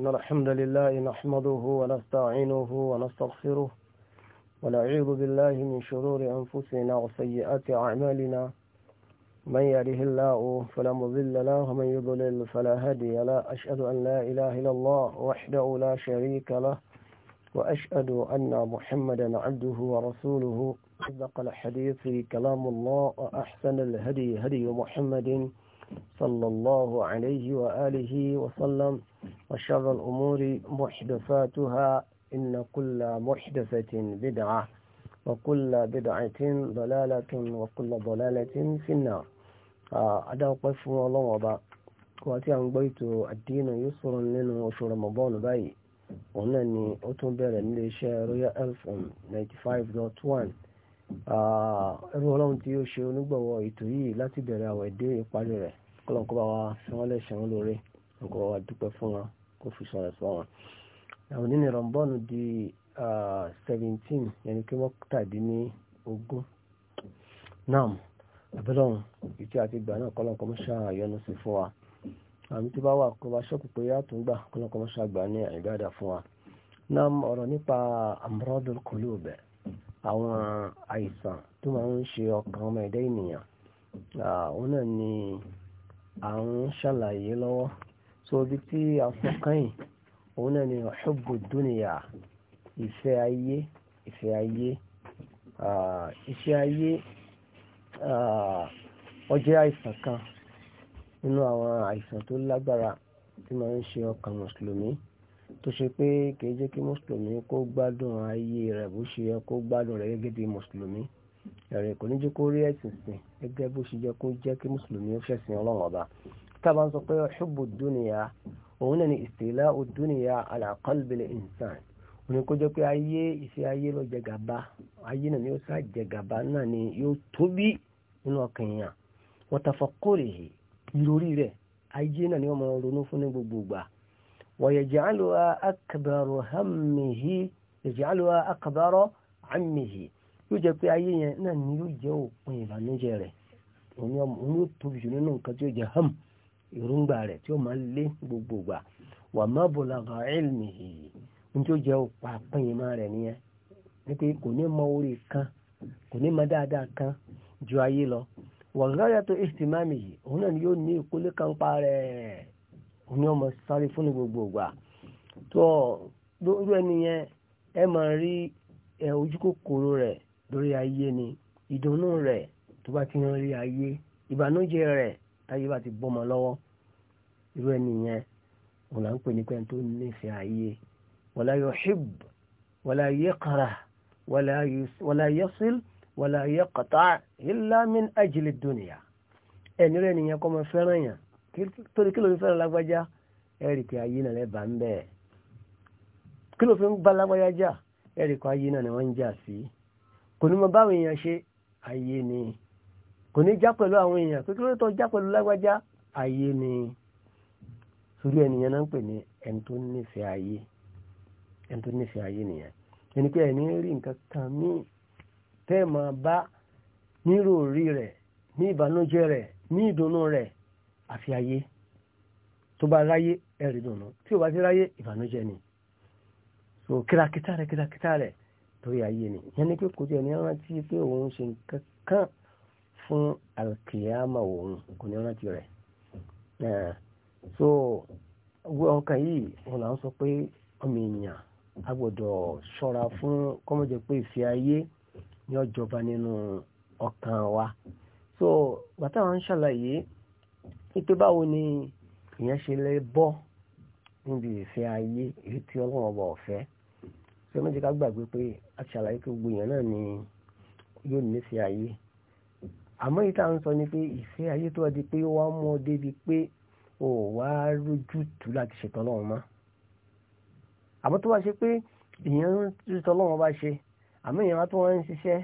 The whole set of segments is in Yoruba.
إن الحمد لله نحمده ونستعينه ونستغفره ونعوذ بالله من شرور أنفسنا وسيئات أعمالنا من يهده الله فلا مضل له ومن يضلل فلا هادي له أشهد أن لا إله إلا الله وحده لا شريك له وأشهد أن محمدا عبده ورسوله صدق الحديث كلام الله وأحسن الهدي هدي محمد صلى الله عليه وآله وسلم وشر الأمور محدثاتها إن كل محدثة بدعة وكل بدعة ضلالة وكل ضلالة في النار أدعو قفو الله وضع واتي عن بيت الدين يسر منه وشو رمضان باي ونني أتنبير من الشهر 1095.1 ẹrú ọlọ́run tí ó ṣe onígbọ̀wọ́ ètò yìí láti bẹ̀rẹ̀ àwẹ̀ dé ìparí rẹ̀ kọ́lọ́n kó bá wa san wọ́n lẹ́sàn-án lóore kó wa dúpẹ́ fún wọn kó fi san rẹ̀ fún wọn. àwọn nínú rọ̀mbọ́ọ̀nù di seventeen yẹnni kí wọ́n tàdí ní ogún náà àbẹ́lọ́run ìtí àti ìgbà náà kọ́lọ́n kọ́ mọ́ṣá àyọnu sí fún wa àmì tó bá wà kó wa ṣọ́ọ̀kù pé yàtọ̀ ń gbà kọ́lọ́n kọ́ mọ́ṣá àgbà ní àwọn àìsàn tó máa ń ṣe ọkàn ọmọ ẹ̀dá ènìyàn òun náà ni à ń ṣàlàyé lọ́wọ́ so ibi tí a fún kẹ́yìn òun náà ni hubbu dunya ìfẹ́ ayé ìfẹ́ ayé ìfẹ́ ayé ó jẹ́ àìsàn kan nínú àwọn àìsàn tó lágbára tí máa ń ṣe ọkàn mùsùlùmí tó ṣe pé kìí jẹ́ kí mùsùlùmí kó gbádùn ayé rẹ̀ bó ṣe yẹ kó gbádùn rẹ̀ gẹ́gẹ́ bí mùsùlùmí ẹ̀rẹ̀ kò ní jẹ́ kó rí ẹ̀sìn sìn gẹ́gẹ́ bó ṣe yẹ kó jẹ́ kí mùsùlùmí ó fẹ̀sìn ọlọ́run ọba tábà ń sọ pé hubbu dunya òun náà ni istila'u dunya ala qalbil insan òun kó jẹ́ pé ayé ìfẹ́ ayé ló jẹ gàba ayé náà ni ó sá jẹ gàba náà ni yóò tóbi nínú ọkàn èèyàn wa tafakkurihi ìròrí rẹ̀ ayé náà ni wọ́n máa ronú ويجعلها أكبر همه يجعلها أكبر عمه يوجد في أي نان يوجد ويبا نجري ونيوم يطوب جنون قد يوجد هم يرون بارت يوم اللي بوبوبا ومبلغ علمه nítorí ó jẹ́ ọ̀pá àpẹ́yìnmá rẹ̀ nìyẹn ní pé ya ní mọ orí kan kò ní mọ kan ju ya ni kan òní ọmọ sáré fún ní gbogbo ìgbà tó lórí ẹni yẹn ẹ máa rí ẹ ojú kòkòrò rẹ̀ lórí ayé ni ìdùnnú rẹ̀ tó bá ti ń rí ayé ìbànújẹ́ rẹ̀ táyé bá ti bọ́mọ lọ́wọ́ irú ẹni yẹn òun là ń pè ní pẹ́ẹ́n tó nífẹ̀ẹ́ ayé wala yuhib wala yaqra wala ẹni nìyẹn kọ́ mọ fẹ́ràn torí kí ló fi fẹ́ràn lágbájá ẹ̀rì pé ayé náà lẹ́bàá ń bẹ̀ kí ló fi ń bá lágbájá jà ẹ̀rì pé ayé náà ni wọ́n ń jà sí kò ní mọ báwọn èèyàn ṣe ayé ni kò ní já pẹ̀lú àwọn èèyàn pé kí ló tó já pẹ̀lú lágbájá ayé ni sórí ẹnìyàn náà ń pè ní ẹni tó nífẹ̀ẹ́ ayé ẹni tó nìyẹn ẹni pé ẹni rí nǹkan kan míì tẹ́ máa bá nírò rí rẹ̀ ní ìbànújẹ́ rẹ̀ ní ìdùnnú rẹ̀ àfi ayé tó bá ráyé ẹ̀rí dùnú tí ò bá ti ráyé ìbànújẹ́ ni so kìràkìtà rẹ̀ kìràkìtà rẹ̀ torí ayé ni ìyẹn ni pé kò tí ẹni rántí pé òun ṣe nǹkan kan fún alkiyama òun kò ní rántí rẹ̀ so ọkàn yìí òun là ń sọ pé ọmọ èèyàn a gbọ́dọ̀ ṣọ́ra fún kọ́mọ̀jẹ́ pé ìfẹ́ ayé ní ọjọba nínú ọkàn wa so bàtà wọn ń ṣàlàyé wípé báwo ni ìyẹn ṣe lè bọ́ níbi ìfẹ́ ayé èyí tí ọlọ́run ọba ọ̀fẹ́ ṣé méjì ká gbàgbé pé a ṣàlàyé pé gbogbo èèyàn náà ni yóò nífẹ̀ẹ́ ayé àmọ́ ìta ń sọ ni pé ìfẹ́ ayé tó di pé wá mọ́ débi pé ò wá rójútù láti ṣètò ọlọ́run mọ́ àmọ́ tó wá ṣe pé èèyàn ń ṣètò ọlọ́run bá ṣe àmọ́ èèyàn wá tó wá ń ṣiṣẹ́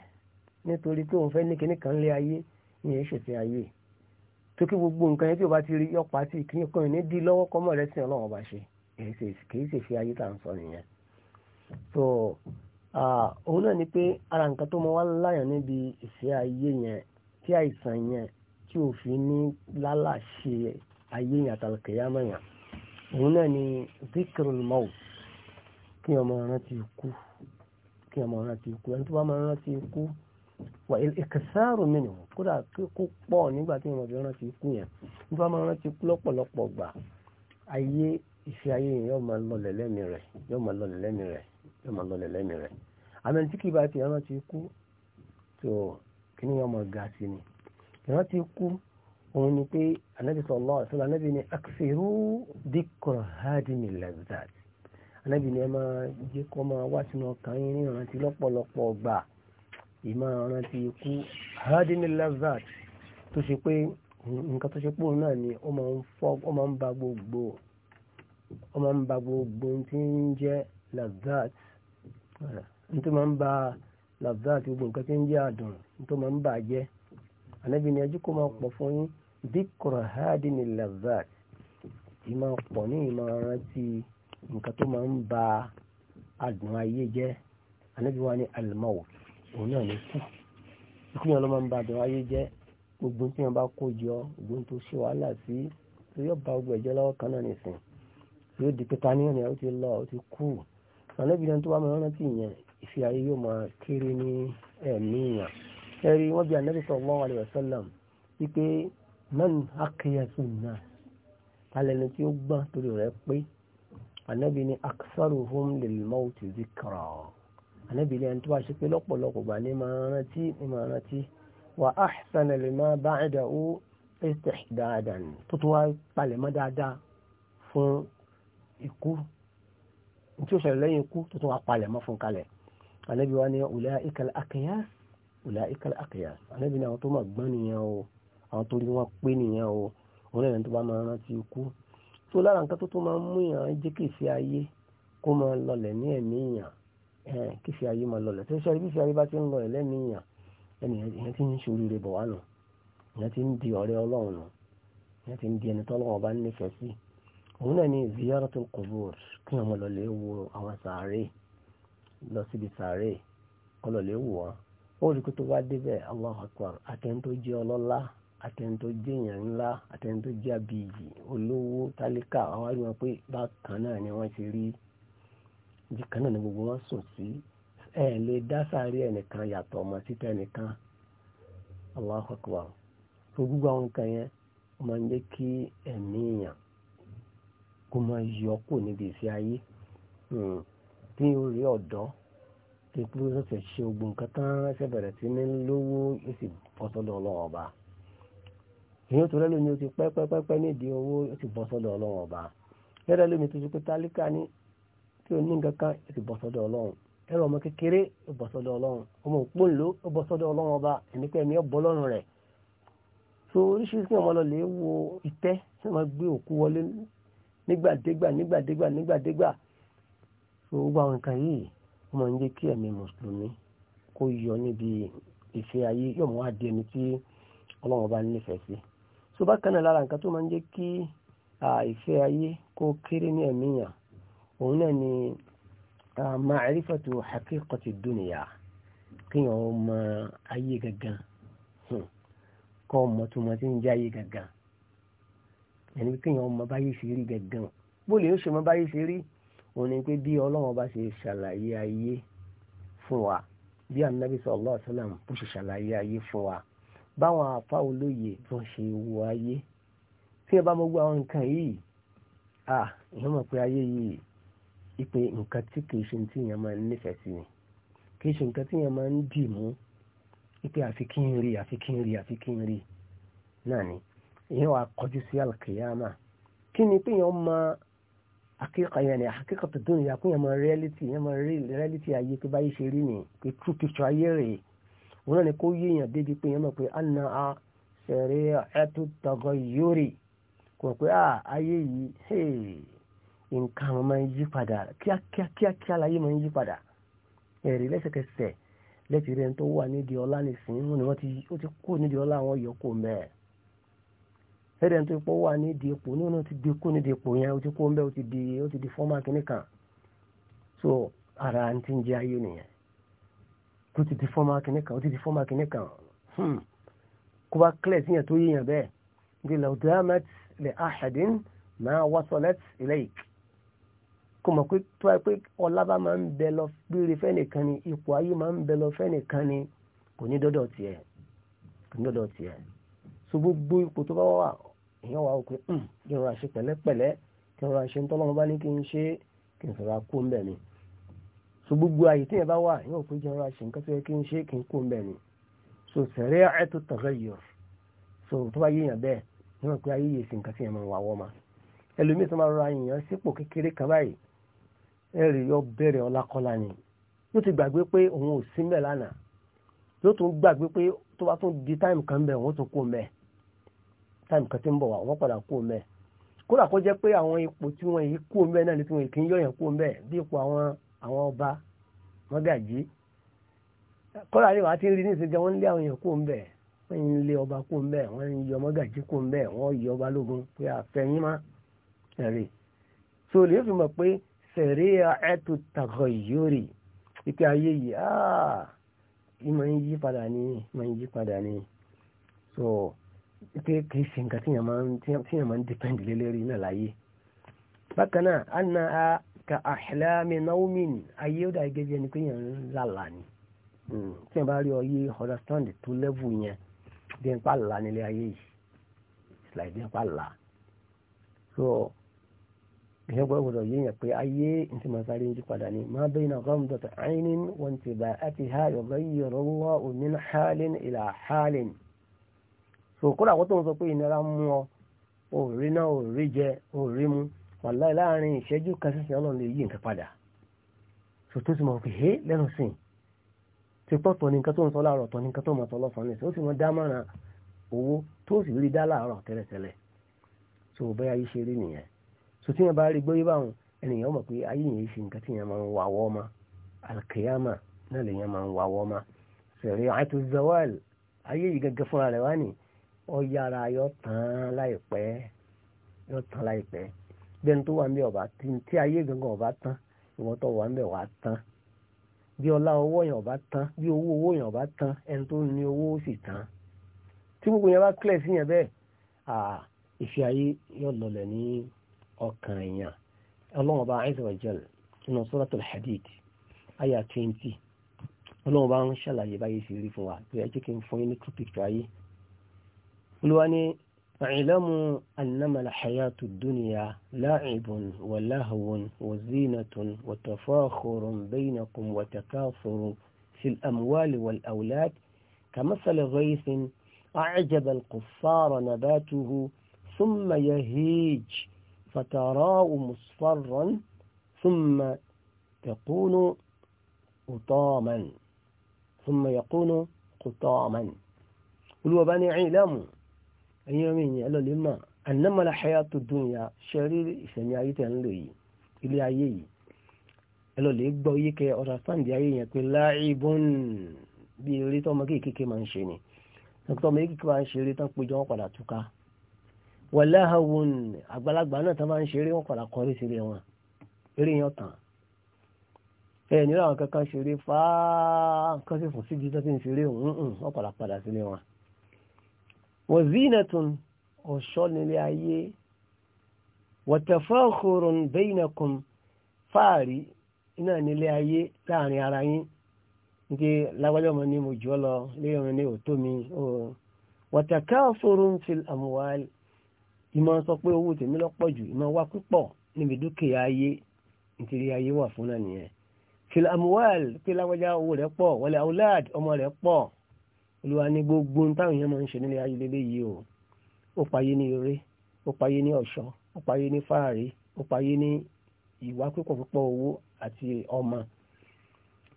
nítorí pé òun fẹ́ ní kinní kan lé ayé ìyẹn ṣètò ayé tó kí gbogbo nǹkan yẹn tí o bá ti rí ọ̀pá tí kìíní kan ní dí lọ́wọ́ kọ́mọ rẹ sìn ọlọ́run ọba ṣe kìí ṣe fi ayé tá à ń sọ nìyẹn. so òun náà ni pé ara nǹkan tó mọ wá láyàn níbi ìfẹ́ ayé yẹn tí àìsàn yẹn tí ò fi ní lálàṣe ayé yẹn àtàlùkẹ́yàmọ̀ yẹn òun náà ni zikrul maut kí ọmọ rántí ikú kí ọmọ rántí ikú ẹni tó bá máa rántí ikú wà ìkẹsàárò mìíràn kódà kíkó pọ̀ nígbà tí ìwọ̀n fi rántí kú yẹn nígbà máa rántí kú lọ́pọ̀lọpọ̀ gbà ayé ìfẹ́ ayé yẹn yóò máa lọlẹ̀ lẹ́mi rẹ̀ yóò máa lọlẹ̀ lẹ́mi rẹ̀ yóò máa lọlẹ̀ lẹ́mi rẹ̀ àmì tí kì í bá ti rántí kú tó kí ni máa ga sí ni ìrántí kú òun ni pé anabi sọlọ ọsọlọ anabi ni akṣerú dìkọrọ hádìmí lẹbùtàdì anabi ni ẹ máa jẹ kó máa wá sínú ọkàn yín ní ìrántí lọ́pọ̀lọpọ̀ gbà. ìmọ̀ràn ti ikú hadinilazat tó ṣe pé nǹkan tó ṣe pò náà ni ó ma ń ba gbogbo ó ma ń ba gbogbo tí ń jẹ́ tó ń ba lazat gbogbo nǹkan tí ń jẹ́ àdùn tó máa ń bà jẹ́ ànábì ni ẹjú kó máa pọ̀ fún yín dìkọ̀rọ̀ hadinilazat ìmọ̀ pọ̀ ní ìmọ̀ràn ti nǹkan tó ma ń ba àdùn ayé jẹ́ wa ni òun náà ló kù ikú yẹn ló máa ń ba àdán ayé jẹ́ gbogbo tí wọn bá kó jọ gbogbo tó ṣe wàhálà sí tó yọ ba gbogbo ẹ̀jẹ̀ lọ́wọ́ kan náà nìsín yóò di pé tani ọ̀nà ó ti lọ ó ti kú àlẹ́bìnrin tó bá máa rántí yẹn ìfi ayé yóò máa kéré ní ẹ̀mí yẹn ẹ̀rí wọ́n bí anabi sallallahu alaihi wasallam wípé man akíyèsí náà alẹ́ni tí ó gbọ́n torí rẹ̀ pé anabi ni aksaruhum lil mawti zikra ọ̀ ànábìlẹ̀ ẹni tó bá ṣe pé lọ́pọ̀lọpọ̀ gbà ní máa rántí ní máa rántí wà ahsana lima ba'dahu istihdadan tó tó wá palẹ̀ mọ́ dáadáa fún ikú tí ó ṣẹlẹ̀ lẹ́yìn ikú tó tó wá palẹ̀ mọ́ fún kalẹ̀ ànábì wa ní ulaika al-aqyas ulaika ànábì ní tó máa gbọ́n kífi ayé máa lọlẹ̀ tó sọ ibi fi ayé bá ti ń lọ ẹ̀ ẹni ẹnìyàn ti ń ṣoríire bọ̀ wá nù ti ń di ọ̀rẹ́ ọlọ́run nù ìyẹn ti ń di ẹni tọ́lọ́wọ́n bá nífẹ̀ẹ́ sí òun náà ni ziyaratul qubur kí wọn lọlẹ̀ wo àwọn sàárè lọ síbi sàárè kọ́ lọlẹ̀ wò wọn ó rí i tó débẹ̀ tó jẹ́ ọlọ́lá tó jẹ́ èèyàn ibi kan náà ni gbogbo wọn sùn sí ẹ lè dá sáré ẹnìkan yàtọ̀ ọmọ títẹ nìkan Allahu Akbar tó gbogbo àwọn nǹkan yẹn ó máa ń jẹ́ kí ẹ̀mí èèyàn kó máa yọ kù níbi ìfẹ́ ayé hmm. tí ó rí ọ̀dọ́ tí kúrò sọ̀tẹ̀ ṣe ogun nǹkan tán ẹsẹ̀ bẹ̀rẹ̀ sí ní lówó ó sì bọ́ sọ́dọ̀ ọlọ́run ọba èèyàn tó lẹ́lòmí ó ti pẹ́pẹ́pẹ́pẹ́ nídìí owó ó sì bọ́ sọ́dọ̀ ọlọ́run ọba lẹ́rẹ́ lómi tó ti pé tálíkà ní tí o ní nǹkan kan o ti bọ́ sọ́dọ̀ ọlọ́run ẹrọ ọmọ kékeré o bọ́ sọ́dọ̀ ọlọ́run ọmọ òpónlò o bọ́ sọ́dọ̀ ọlọ́run ọba ẹnìkan ẹ̀mí ọ̀bọ lọ́rùn rẹ̀ so oríṣiríṣi ọmọ lọ lè wo ìtẹ́ tí wọ́n gbé òkú wọlé nígbàdégbà nígbàdégbà nígbàdégbà so gbogbo àwọn nǹkan yìí wọ́n máa ń jẹ́ kí ẹ̀mí mùsùlùmí kó yọ níbi ìfẹ́ ayé yóò mú adé ẹni tí ọlọ́run bá nífẹ̀ẹ́ sí so bákan náà lára nǹkan tó máa ń jẹ́ kí ìfẹ́ ayé kó kéré ní ẹ̀mí òun náà ni ma'rifatu haqiqati dunya kíyàn ọmọ ayé gangan hmm. kọ́ ọmọ tó mọ tí ń jẹ́ ayé gangan ẹni pé kíyàn ọmọ báyé ṣe rí gangan bó lè ó ṣe mọ báyé ṣe rí òun ni pé bí ọlọ́wọ́n bá ṣe ṣàlàyé ayé fún wa bí anabi sallallahu alaihi wasallam bó ṣe ṣàlàyé ayé fún wa báwọn afá olóye tó ṣe wo ayé tí ẹ bá mọ gbọ́ àwọn nǹkan yìí ah ìyẹn mọ̀ pé ayé yìí ipe nǹkan tí kìí ṣe tí èèyàn máa ń nífẹ̀ẹ́ sí ni kìí ṣe nǹkan tí èèyàn máa ń dì mú ipe àfi kí n rí àfi kí n rí àfi kí n rí náà ni èèyàn wà kọjú sí alkiyama kí ni pé èèyàn máa akíkà yẹn ni akíkà tó dùn yàkú yẹn máa reality yẹn máa reality ayé tó báyìí ṣe rí ni pé true picture ayé rèé òun náà ni kó yé èèyàn débi pé èèyàn mọ̀ pé anna a ṣẹ̀rẹ̀ ẹ̀tú tọgọ yóò rè kò pé à ah, ayé yìí nǹkan wọn máa ń yí padà kíákíákíá láyé máa ń yí padà ẹ̀rí lẹ́sẹ̀kẹsẹ̀ lẹ́tì rẹ̀ tó wà nídìí ọlá nìsín wọn ni wọ́n ti kó nídìí ọlá àwọn yòókù mẹ́ẹ̀ ẹ̀rẹ̀ tó ipò wà nídìí ipò ní wọn ti di kó nídìí ipò yẹn ó ti kó mẹ́ẹ̀ ó ti di fọ́mà kìíní kan so ara ń ti ń jẹ ayé nìyẹn ó ti di fọ́mà kìíní kan ó ti di fọ́mà kìíní kan hmm. kó bá kílẹ̀ síyàn tó yíyàn bẹ́ẹ̀ bí lọ́dọ̀ mẹ́t lè àhàdín máa wá sọ́lẹ́t ilé ìk kò mọ̀ pé tó wáyé pé ọlá bá máa ń bẹ lọ gbére fẹ́nìkan ni ipò ayé máa ń bẹ lọ fẹ́nìkan ni kò ní dọ́dọ̀ tiẹ̀ kò ní dọ́dọ̀ tiẹ̀ so gbogbo ipò tó bá wà èèyàn wà ó pé hmm, kí n ra ṣe pẹ̀lẹ́pẹ̀lẹ́ kí n ra ṣe ń tọ́lọ́mọ bá ní kí n ṣe kí n sọ̀rọ̀ kó ń bẹ̀ ni so gbogbo àyè tí yẹn bá wà èèyàn ò pé kí n ra ṣe nǹkan tó kí n ṣe kí n kó ń bẹ̀ ni so sẹ̀rẹ́ ẹ̀ tó tọ̀rọ̀ ẹ̀rì yọ bẹ̀rẹ̀ ọlákọ́lá ni yóò ti gbàgbé pé òun ò sí mẹ́ lánàá yóò tún gbàgbé pé tó bá tún di táìmù kan bẹ̀ wọ́n tún kó mẹ́ táìmù kan ti ń bọ̀ wá wọ́n padà kó mẹ́ kódà kó jẹ́ pé àwọn ipò tí wọ́n yìí kó mẹ́ náà ni tí wọ́n kì í yọ̀yàn kó mẹ́ bí ipò àwọn àwọn ọba mọ́gàjí kódà ni wàá ti rí nísìnyí gan wọ́n lé àwọn èèyàn kó mẹ́ wọ́n ń lé ọba kó mẹ́ wọ́n ń yọ mọ́gàjí kó mẹ́ wọ́n yọ ọba lógun pé àfẹ́yìn má ẹ̀rì so lè fi mọ̀ pé sari'atu taghayyuri wípé ayé yìí ah, áà ìmọ̀ ń yí padà ní ìmọ̀ ń yí padà ní so pé kìí ṣe nǹkan tí yàn ń dìpẹ́ndì lé lérí náà láyé bákan anna a ka ahlami naumin ayé ó dàgé bí pé yàn lálà ni hmm, tí yàn bá rí ọyé understand tó level yẹn bí ẹn nílé ayé yìí èèyàn gbọ́dọ̀ yéèyàn pé ayé ntí màá sáré yíjú padà ni ma bayna ghamdati aynin wa intiba'atiha yughayyiru Allahu min halin ila halin. so kódà kó tó ń sọ pé ìnira mú ọ ò rí náà ò rí jẹ ò rí mu wàláì láàrin ìṣẹ́jú kan sísìn ọlọ́run lè yí nǹkan padà so tó sì mọ̀ pé hé lẹ́nu sìn ti tọ́tọ̀ ní nǹkan tó ń sọ láàárọ̀ tọ́ ní nǹkan tó mọ̀ sọ lọ́sàn-án nìsín ó sì mọ̀ dámọ̀ràn owó tó sì rí dá láàárọ̀ tẹ́lẹ̀tẹ́lẹ̀ so bẹ́ẹ̀ ayé ṣe rí nìyẹn so tí yẹn bá rí gbóyè báwọn ènìyàn mọ̀ pé ayé yẹn ṣe nǹkan tí yẹn máa ń wà wọ́ ma alkiyama náà lè yẹn máa ń wà wọ́ ma sẹ̀rí àti zawal ayé yìí gẹ́gẹ́ fúnra rẹ̀ wá ní ọ yára yọ tán láìpẹ́ yọ tán láìpẹ́ bẹ́ẹ̀ ni tó wà ń bẹ ọ̀bá tí ayé gangan ọ̀bá tán ìwọ́n tó wà ń bẹ wà tán bí ọlá owó yẹn ọ̀bá tán bí owó owó yẹn ọ̀bá tán ẹni tó ní owó sì tán tí gbogbo yẹn bá clear sí yẹn bẹ́ẹ̀ ìfẹ́ ayé yọ lọlẹ̀ ní ọkàn èèyàn ọlọ́run ọba azza wa jal nínú suratul hadid aya twenty ọlọ́run bá ń ṣàlàyé báyìí sí rí fún wa pé ẹ jẹ́ kí n fún yín ní two picture ayé olúwa ní àìlẹ́mú annamal hayatu dúnìyà láàrìbùn wà láhùn wà zínàtún wà tafáhùrùn bainakum wà takáfùrùn fi amwali wal aulad كمثل غيث أعجب القفار نباته ثم يهيج فتراه مصفرا ثم يكون قطاما ثم يكون قطاما والوباني علم أيامين يا لما أنما الحياة الدنيا شرير سنيايت لي ilé ayé yìí ẹ lọ lè gbọ́ yí kẹ ọ̀rọ̀ sáǹdì ayé yẹn pé láìbọn bí eré tọmọ kéékèèké máa ń ṣe ni tọmọ kéékèèké máa ń ṣe eré tán péjọ wọn padà túká wọ̀láhàwọ̀n àgbàlagbà náà tán máa ń ṣeré wọn padà kọrí sílé wọn eré yẹn tàn ẹ nílò àwọn kankan ṣeré fáá kan sì fún síbi tó ti ń ṣeré òun wọn padà padà sílé wọn. wọ́n zinatun ọ̀ṣọ́ nílé ayé wọ̀tẹ̀fọ́kùrùn bẹ́yìnàkùn fáàrí iná nílé ayé láàrin ara yín nke lágbájá ọmọ ni mo jù ọ lọ léyìn ọmọ ni ò tó mi wọ̀tẹ̀káfùrùn fil amwal ìmọ̀ sọ pé owó tèmi lọ́pọ̀ jù ìmọ̀ wá púpọ̀ níbi dúkìá ayé nítorí ayé wà fún náà nìyẹn fil amuwal pé láwọjá owó rẹ̀ pọ̀ wọlé aulad ọmọ rẹ̀ pọ̀ olúwa ní gbogbo táwọn èèyàn máa ń ṣe nílé ayé lélẹ́ yìí o ó payé ní eré ó payé ní ọ̀ṣọ́ ó payé ní fáàrí ó payé ní ìwà púpọ̀ púpọ̀ owó àti ọmọ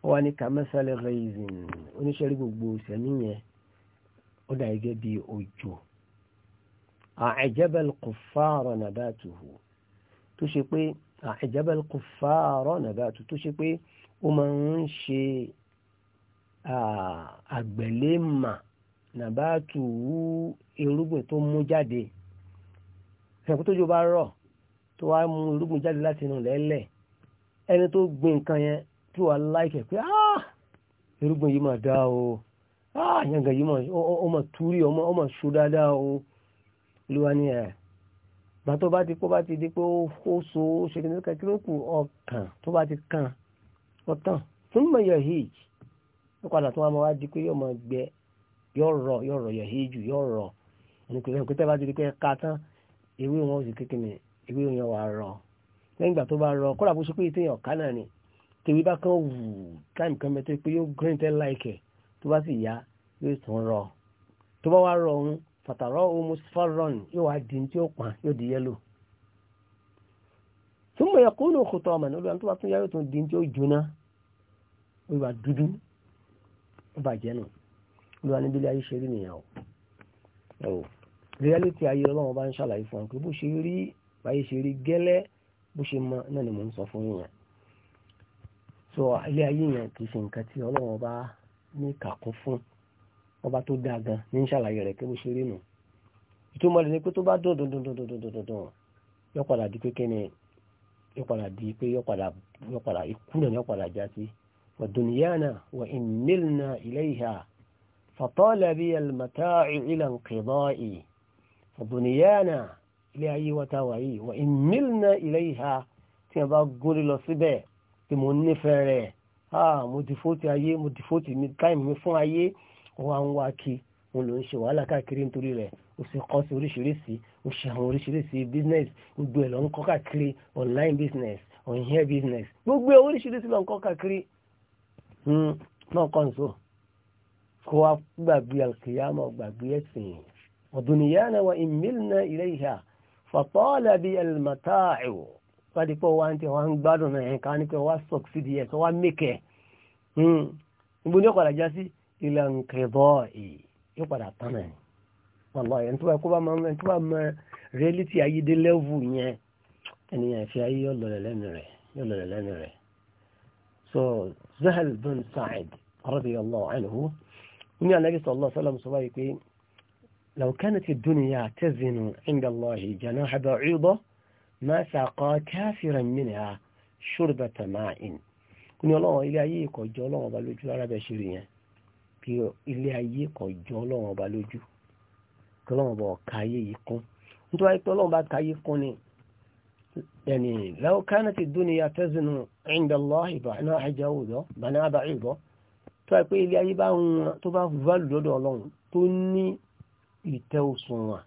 ó wà ní kàmẹ́sàlẹ̀ rẹ̀ ìzìn oníṣẹ́rí gbogbo ìṣẹ̀mí yẹn ó dà àìjẹ́bẹ̀ kùfààrọ̀ nàbàtùhù tó ṣe pé àìjẹ́bẹ̀ kùfààrọ̀ nàbàtù tó ṣe pé ó máa ń tó mú rọ̀ tó wá mú irúgbìn jáde láti inú lẹ́lẹ̀ ẹni tó gbin nǹkan yẹn tí wàá láìkẹ̀ pé irúgbìn yìí máa dá o yàngàn yìí máa túrí ọmọ ṣó dáadáa o. olúwa ni ẹ̀ gbà tó bá ti kó bá ti di pé ó so ó ṣe kí ní kí ló kù ọkàn tó bá ti kàn ọtàn fún mọ̀ yọ hage ó padà tó wá máa wá di pé yóò máa gbẹ yóò rọ yóò rọ yọ hage yóò rọ ẹni pé bá ti di pé ká tán ewé wọn ò sì kékeré ewé yẹn wà rọ lẹ́yìn ìgbà tó bá rọ kódà bó ṣe pé ìtẹ̀yàn ká náà ni tèmi bá kàn wù táìmù kan mẹ́tọ́ pé yóò green ten like ẹ̀ tó bá sì yá yóò tún rọ tó bá wá rọ òun fàtàrọ musfarron yóò wá di tí ó pọn yóò di yẹlò túmọ̀ yẹ kóònù òkútọ ọmọ nílùú àti wàtún yóò tún di tí ó jóná ó yóò wá dúdú ó bàjẹ́ nù ló wá níbi ilé ayé ṣe rí o ẹ̀wò reality ayé ọlọ́run bá ń ṣàlàyé fún ọ pé bó ṣe rí báyé ṣe rí gẹ́lẹ́ bó ṣe mọ náà ni mò ń sọ fún yín so ilé ayé yẹn kì í ṣe nǹkan tí ọlọ́run bá ní kàkún fún ọba tó dáa gan ní ṣàlàyé rẹ̀ pé bó ṣe rí nù ìtumọ̀ rẹ̀ ni pé tó bá dùn dùn dùn dùn dùn dùn dùn yóò padà di pé kíni yóò padà di pé yóò padà yóò padà ikú náà yóò padà já sí wa dunyana wa in nilna ilayha fatala biya al-mata'u ila inqida'i wa dunyana ilé ayé wa ta wà yìí wa in nilna ilayha tí wọ́n bá gúnlẹ̀ lọ síbẹ̀ tí mo nífẹ̀ẹ́ rẹ̀ ah mo dìfóòtì ayé mo dìfóòtì mi káyìn mi fún ayé wá ń wá kí òun ló ń ṣe wàhálà káàkiri nítorí rẹ̀ ó sì kọ́ sí oríṣiríṣi ó ṣe àwọn oríṣiríṣi business gbogbo ẹ̀ ló ń kọ́ káàkiri online business on hair business gbogbo ẹ̀ oríṣiríṣi ló ń kọ́ káàkiri hmm, náà kọ́ nso kó wa gbàgbé alkiyama gbàgbé ẹ̀sìn ọ̀dùnìyàna wa ìmìlínà ilẹ̀ ìhà fàtọ́ọ̀lá bíi ẹlẹ́mọ̀táàìwò láti pọ̀ wá ń wá ń gbádùn náà ẹ̀ka ní pé wá sọ̀kì sí di ẹ̀ tó wá mẹ́kẹ̀ẹ́ ní ọ̀kadà já sí ilẹ̀ nkẹ́bọ̀ yìí yóò padà tán náà wallahi ẹni tó bá kó bá máa ẹni tó bá mọ reality ayédè lẹ́wù yẹn ènìyàn ìfẹ́ ayé yóò lọlẹ̀ lẹ́nu rẹ̀ yóò lọlẹ̀ lẹ́nu rẹ̀ so Sahal bin Sa'id radiyallahu anhu ní anabi sallallahu alaihi wasallam sọ wáyé pé law kanat ad-dunya tazinu inda Allahi janaha ba'udah ma saqa kafiran minha shurbata ma'in kúni ọlọ́run ilé ayé ìkọjọ́ ọlọ́run ọba lójú arábẹ́ ṣe rí yẹn kí ilé ayé kan jọ ọlọ́run ọba lójú kí ọlọ́run ọba ọ̀ka ayé yìí kún nítorí wáyé pé ọlọ́run bá ka ayé kún ni ẹni law kanati dunya tazinu inda Allahi banaha jawda banaha ba'ida tó wáyé pé ilé ayé bá ń wọn tó bá fúfàlù lọ́dọ̀ ọlọ́run tó ní ìtẹ́ òṣùwọ̀n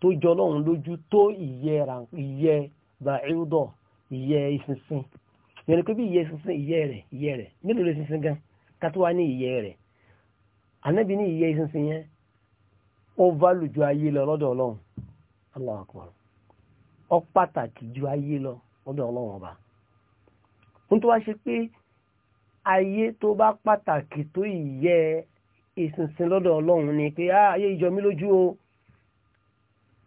tó jọ ọlọ́run lójú tó ìyẹ́ ba'ida ìyẹ́ ìsinsin yẹn ni pé bí ìyẹ́ ìsinsin ìyẹ́ rẹ̀ ìyẹ́ rẹ̀ mélòó lè gan ká wá ní ìyẹ́ rẹ̀ ànábì ní ìyẹ́ ìsinsin yẹn ó válù ju ayé lọ lọ́dọ̀ ọlọ́run Allahu Akbar ó pàtàkì ju ayé lọ lọ́dọ̀ ọlọ́run ọba ń tó wá ṣe pé ayé tó bá pàtàkì tó ìyẹ́ ìsinsin lọ́dọ̀ ọlọ́run ni pé ah, ayé ìjọ mi lójú o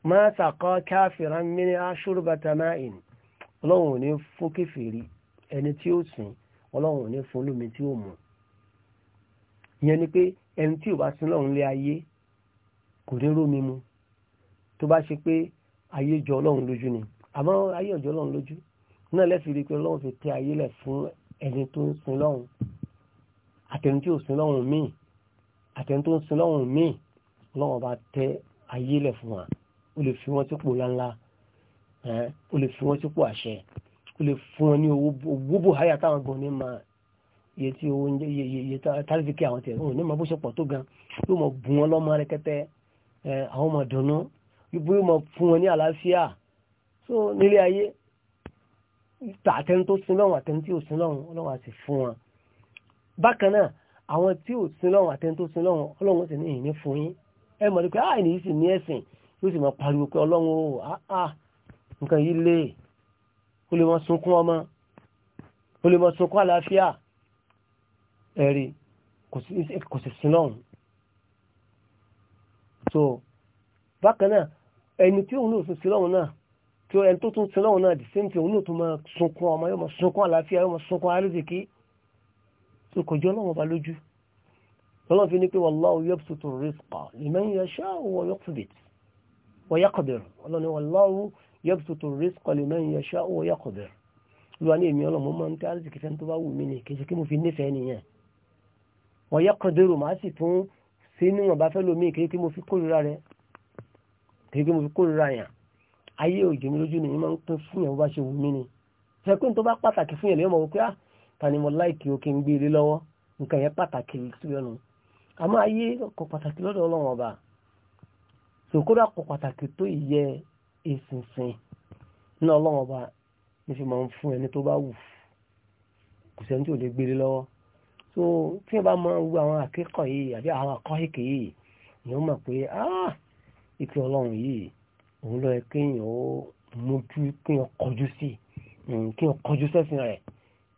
máa sàkọ́ káfìrán mi ní aṣúrùbàtà máa ọlọ́run ò ní fún kèfèrí ẹni tí ó sìn ọlọ́run ò ní fún lómi tí ó mú un ìyẹn ni pé ẹni tí ò bá sin lọ́run lé ayé kò ní rómi mu tó bá ṣe pé ayé jọ ọlọ́run lójú ni àmọ́ ayé ọ̀jọ́ ọlọ́run lójú náà lẹ́sìn rí i pé ọlọ́run fi tẹ ayé lẹ̀ fún ẹni tó ń sin lọ́run àtẹni tí ò sin lọ́run míì àtẹni tó ń sin lọ́run míì ọlọ́run bá tẹ ayé lẹ̀ fún wa ó lè fi wọ́n sípò ńláńlá ó lè fi wọ́n sípò àṣẹ ó lè fún wọn ní owó bó háyà táwọn gan ní máa iye tí owó ń jẹ́ iye tàrífìkì àwọn tẹ̀ òun ní ma bó ṣe pọ̀ tó gan yóò mọ̀ bùn wọn lọ́mọ rẹ̀kẹ́tẹ́ àwọn ọmọ dùnú yóò mọ̀ fún wọn ní àlàáfíà so nílé ayé àtẹni tó sin lọ́wọ́ àtẹni tí ò sin lọ́wọ́ ọlọ́wọ́ àti fún wọn bákan náà àwọn tí ò sin lọ́wọ́ àtẹni tó sin lọ́wọ́ ọlọ́wọ́ sì ní ìní fún yín ẹ mọ̀ pé àìní ah, yìí sì ní ẹ̀sìn yóò sì mọ̀ pariwo pé ọlọ́wọ́ àá ah, ah, nǹkan yìí lé ó lè mọ̀ sunkún ọmọ ó lè mọ̀ sunkún àlàáfíà ẹ̀rí kò sì sí náà so bákan náà ẹni tí òun náà sì sí lọ́wọ́ náà tí ẹni tó tún sí lọ́wọ́ náà the same thing òun náà tún máa sunkún ọmọ yóò máa sunkún àlàáfíà yóò máa sunkún àrídìkí tó kọjọ́ náà wọn bá lójú lọ́wọ́ fi ní pé wallahu yabsutu rizqa liman yasha'u wa yaqdir wa yaqdir ọlọ́ni wallahu yabsutu rizqa liman yasha'u wa yaqdir lọ́wọ́ ní èmi ọlọ́mọ máa ń tẹ́ àrídìkí fẹ́ni tó bá wù mí ni kì í ṣe kí mo fi nífẹ̀ẹ́ nìyẹn wọ́n yẹ kọ́ dérò màá sì tún ṣe níwọ̀n bá fẹ́ lómi kí kí mo fi kórìíra rẹ kí kí mo yàn ayé òjò lójú nìyí máa ń pín fún yàn bá ṣe wù mí ni ṣe pé tó bá pàtàkì fún yàn lè mọ̀ pé ah, ta ni mo láìkì o kí n gbé ilé e lọ́wọ́ nǹkan yẹn pàtàkì lọ́nu àmọ́ ayé kò pàtàkì lọ́dọ̀ ọlọ́run ọba sòkúrò àpò pàtàkì tó ìyẹ ìsinsìn ní ọlọ́run ọba ní fi máa tí ò lè gbé ilé e lọ́wọ́ so tí ẹ bá mọ gbogbo àwọn akẹ́kọ̀ọ́ yìí àbí àwọn akọ́hìkì yìí ni ó mọ̀ pé ah, ìpín ọlọ́run yìí òun lọ kéèyàn ó mójú kéèyàn kọjú sí hmm, kéèyàn kọjú sẹ́sìn rẹ̀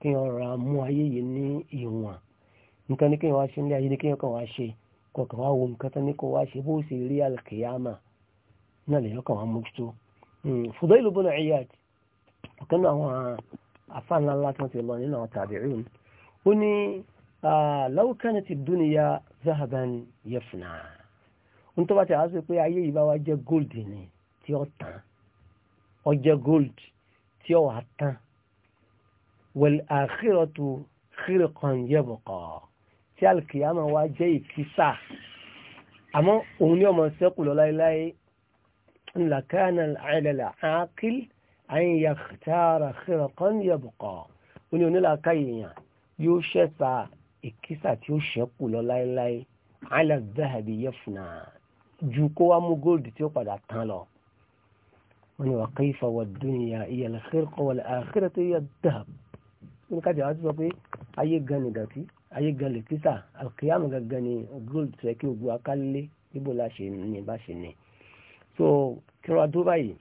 kéèyàn ra mú ayé yìí ní ìwọ̀n nǹkan ní kéèyàn wá ṣe nílé ayé ní kéèyàn kàn wá ṣe kọ̀ọ̀kan wá wo nǹkan tán ní kó wá ṣe bó ṣe rí alkiyama náà lèyàn kàn wá mójútó hmm, Fudayl ibn Iyad ọ̀kan náà àwọn afáàlá ńlá tí wọ́n ti lọ nínú àwọn tàbí rí ó ní law kanati dunya zahaban yafna ń tó bá ti àwọn sọ pé ayé yìí bá wá jẹ́ gold ni tí ó tán ó jẹ́ gold tí ó wà tán wal akhiratu khirqan yabqa tí alkiyama wá jẹ́ ìkísà àmọ́ òun ní ọmọ sẹ́kù lọ láíláí ńlá kana ala al-aqil an yakhtara khirqan yabqa ó ní onílàkà èèyàn yóò ṣẹ̀sà ìkísà tí ó ṣẹ́kù lọ láéláé alàzáhàbí yẹfùnà ju kó wá mú góòdù tí ó padà tán lọ wọn ni wà kayfa wà dúnìyà ìyàlẹ̀ xírkọ̀ wà àxírẹ̀ tó yẹ dáhàb wọn kájà wá sọ pé ayé gan ni dàtí ayé gan lè kísà alkiyama gangan ni góòdù tó yẹ kí ogun akálé níbo la ṣe ní bá ṣe ní. so kí wọ́n adó báyìí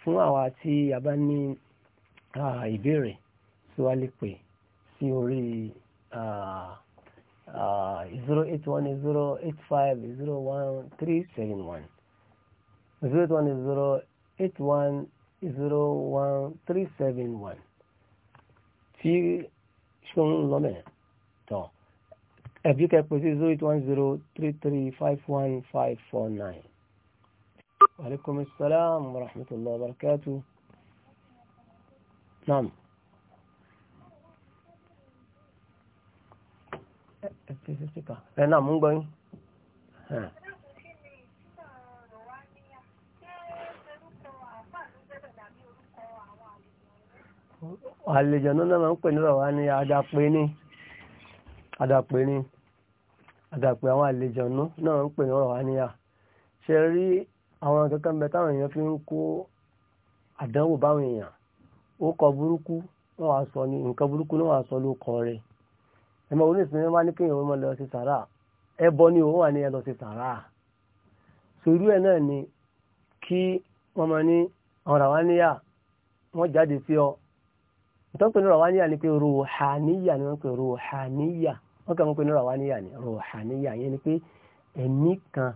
fún àwa tí a bá ní ah, ìbéèrè tí wàá lè pè sí orí zero eight one zero eight five zero one three seven one zero eight one zero eight one zero one three seven one tí ṣó ń lọ mẹ́rin tán ẹ̀bí kẹ́pẹ́ sí zero eight one zero three three five one five four nine. Wa alaikumus salam wa sí fifty kan ẹ náà mú gbọ́ yín. àlejò náà máa ń pè ní rọ̀wá ní adapè ní adapè ní adapè àwọn àlejò náà ń pè ní ṣe rí àwọn fi ń kó àdánwò báwọn èèyàn ó kọ burúkú sọ ní ẹmọ onísìnyí wá ní kéèyàn ọmọ lọ sí sàrà ẹbọ ni òun wà ní ẹlọ sí sàrà sòrú ẹ náà ni kí wọn máa ní ọ̀rọ̀ àwọn níyà wọn jáde sí ọ ìtọ́pẹ́ ní ọ̀rọ̀ níyà ni pé ròhàníyà ni wọ́n pè ròhàníyà wọ́n kà mọ́ pé ní ọ̀rọ̀ níyà ni ròhàníyà yẹn ni pé ẹ̀mí kan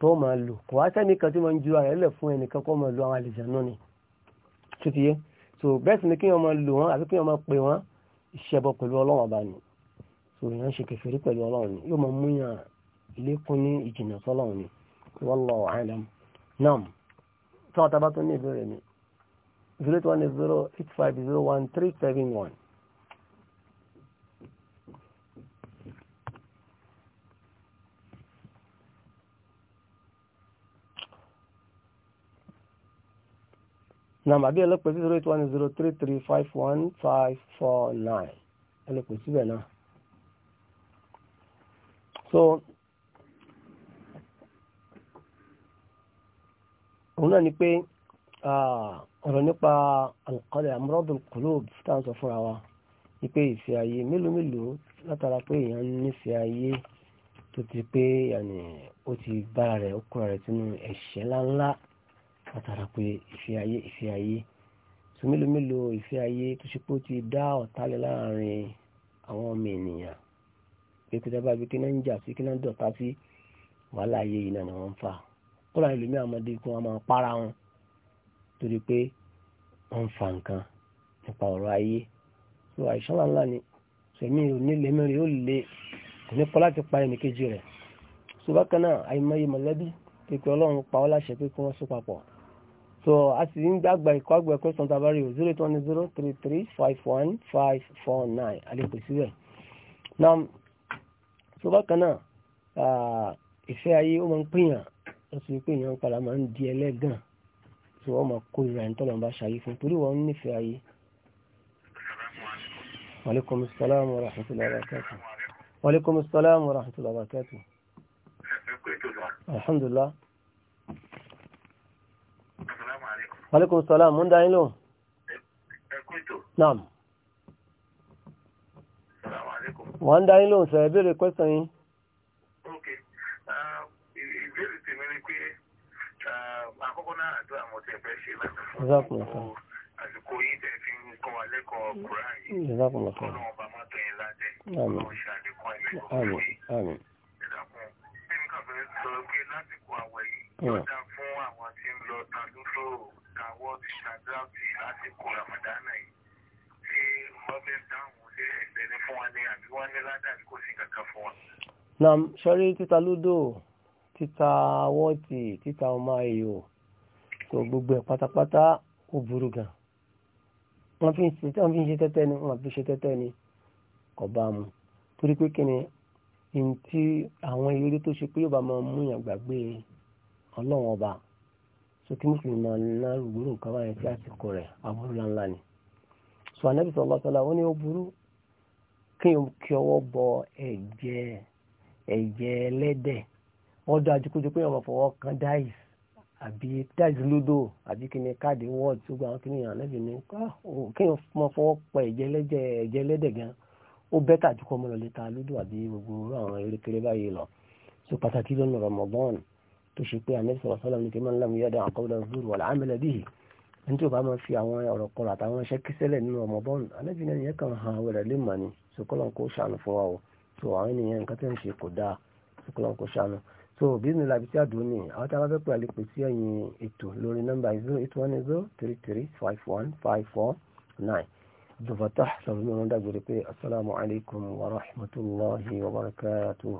tó máa lò kò wá sẹ́ni kan tí wọ́n ń ju ara ẹlẹ̀ fún ẹnìkan kó máa lo àwọn àlùjànnú ni tó ti yé so bẹ́ẹ̀ sì ni kí wọ́n máa lò wọ́n àbí kí wọ́n pè wọ́n ìṣẹ́bọ pẹ̀lú ọlọ́wọ́n bá ni so èèyàn ṣe kẹfìrí pẹ̀lú ọlọ́run ni yóò máa múyàn lékún ní ìjìnà sọ́lọ́run ni wallahu a'lam náà tí wọ́n tábà tó ní ìbéèrè mi zero eight one zero eight five zero one three seven one. nàmà bí ẹlẹ́pẹ̀ sí zero eight one zero síbẹ̀ náà so òun náà ni pé ọ̀rọ̀ nípa alqalb amradul qulub tá à ń sọ fúnra wa ni pé ìfẹ́ ayé mélòó mélòó látara pé èèyàn nífẹ̀ẹ́ ayé tó ti pé yàní ó ti bára rẹ̀ ó kúra rẹ̀ sínú ẹ̀ṣẹ̀ ńláńlá látara pé ìfẹ́ ayé ìfẹ́ ayé tó mélòó mélòó ìfẹ́ ayé tó ṣe pé ó ti dá ọ̀tá láàrin àwọn ọmọ ènìyàn pé kí sábà bí kí náà ń jà sí kí náà ń dọ̀tá sí wàhálà ayé yìí náà ni wọ́n ń fà kóra ìlúmí àmọ́dé kí wọ́n máa para wọn torí pé wọ́n ń fa nǹkan nípa ọ̀rọ̀ ayé so àìsàn ńláńlá ni sẹ̀mí ò nílé mẹ́rin ó lè kò ní kọ́ láti pa ẹnì kejì rẹ̀ so bákan náà àìmọye mọ̀lẹ́bí pípẹ́ ọlọ́run pa ọ́ láṣẹ pé kí wọ́n so papọ̀ so a sì ń gbàgbà ìkọ́ àgbẹ̀ question tabari o zero eight one zero three three five one five four nine alẹ́ pèsè rẹ̀ now tó bákan náà ìfẹ́ ayé ó máa ń pèèyàn ó sì pé èèyàn padà máa ń di ẹlẹ́gàn tí wọ́n máa kó ìrìn àyíntọ́ lọ́nà bá ṣayé fún torí wọ́n nífẹ̀ẹ́ ayé. Wàlékùm sálàmù wa rahmatullahi wa barakatuh. Alhamdulillah. Wàlékùm sálàmù, mo ń dá wọ́n ń dá yín lóhùn sọ̀rọ̀ ìbéèrè question yín. ok ìbéèrè tèmi ni pé àkọ́kọ́ náà àdó àwọn ọ̀tẹ̀ ṣe láti fún owó àsìkò yìí tẹ̀ fi ń kọ́ wa lẹ́kọ̀ọ́ kúrá yìí kọ́ lọ́wọ́ bá má tọ̀ yín lájẹ́ kọ́ ṣe àlékún ẹ̀mí kọ́ fún sọ pé lásìkò àwẹ̀ yìí yóò dá wọ́n ní ládàbí kò sí kankan fún wọn. nam sọrí títa lúdò títa wọ́ọ̀tì títa ọmọ ayò tó gbogbo ẹ̀ pátápátá ó burú gan wọ́n fi ń ṣe tẹ́tẹ́ ni wọ́n fi ṣe tẹ́tẹ́ ni kò bá mu torí pé kí ni ntí àwọn eré tó ṣe pé yóò bá máa mú yàn gbàgbé ọlọ́run ọba so kí mùsùlùmí máa ná rògbòrò nǹkan báyẹn sí àsìkò rẹ̀ àbúrò ńláńlá ni so anabi sọlá sọlá ní ó burú kí n kí ọwọ́ bọ ẹ̀jẹ̀ ẹ̀jẹ̀ ẹlẹ́dẹ̀ wọ́n dájú kó jọ pé ọmọ fọwọ́ kan dáìs àbí dáìs lúdò àbí kí ni káàdì wọ́ọ̀d tó gba kí ni ànábì ni ah, kí n mọ fọwọ́ pa ẹ̀jẹ̀ ẹlẹ́jẹ̀ ẹ̀jẹ̀ ẹlẹ́dẹ̀ gan ó bẹ́tà ju kọ́ ọmọ ta lúdò àbí gbogbo àwọn erékeré báyìí lọ so pàtàkì lọ́nà Ramadan tó ṣe pé ànábì sọ̀rọ̀ sọ́lá ní kí máa ń lámú yá dáhùn kọ́wọ́dà zuru wàlá àmẹ́lẹ̀ bíi ẹni tí ò bá máa fi àwọn ọ̀rọ̀ kọ̀ọ̀rọ̀ àtàwọn iṣẹ́ kíṣẹ́lẹ̀ nínú Ramadan ànábì náà yẹ kàn án wẹ̀rẹ̀ lè mà ni sọkọlọ́n kó ṣàánú fún wa o so àwọn ènìyàn nǹkan tẹ́ ń ṣe kò dáa sọkọlọ́n kó ṣàánú so bísí làbí tí àdúró ni àwọn tí a bá fẹ́ pè àlepè sí ẹ̀yìn ètò lórí nọ́mbà zero eight one zero three three five one five four nine abdulfatah sọ̀rọ̀ mi wọn dágbére pé asalaamualeykum wa rahmatulahi wa barakatuhu.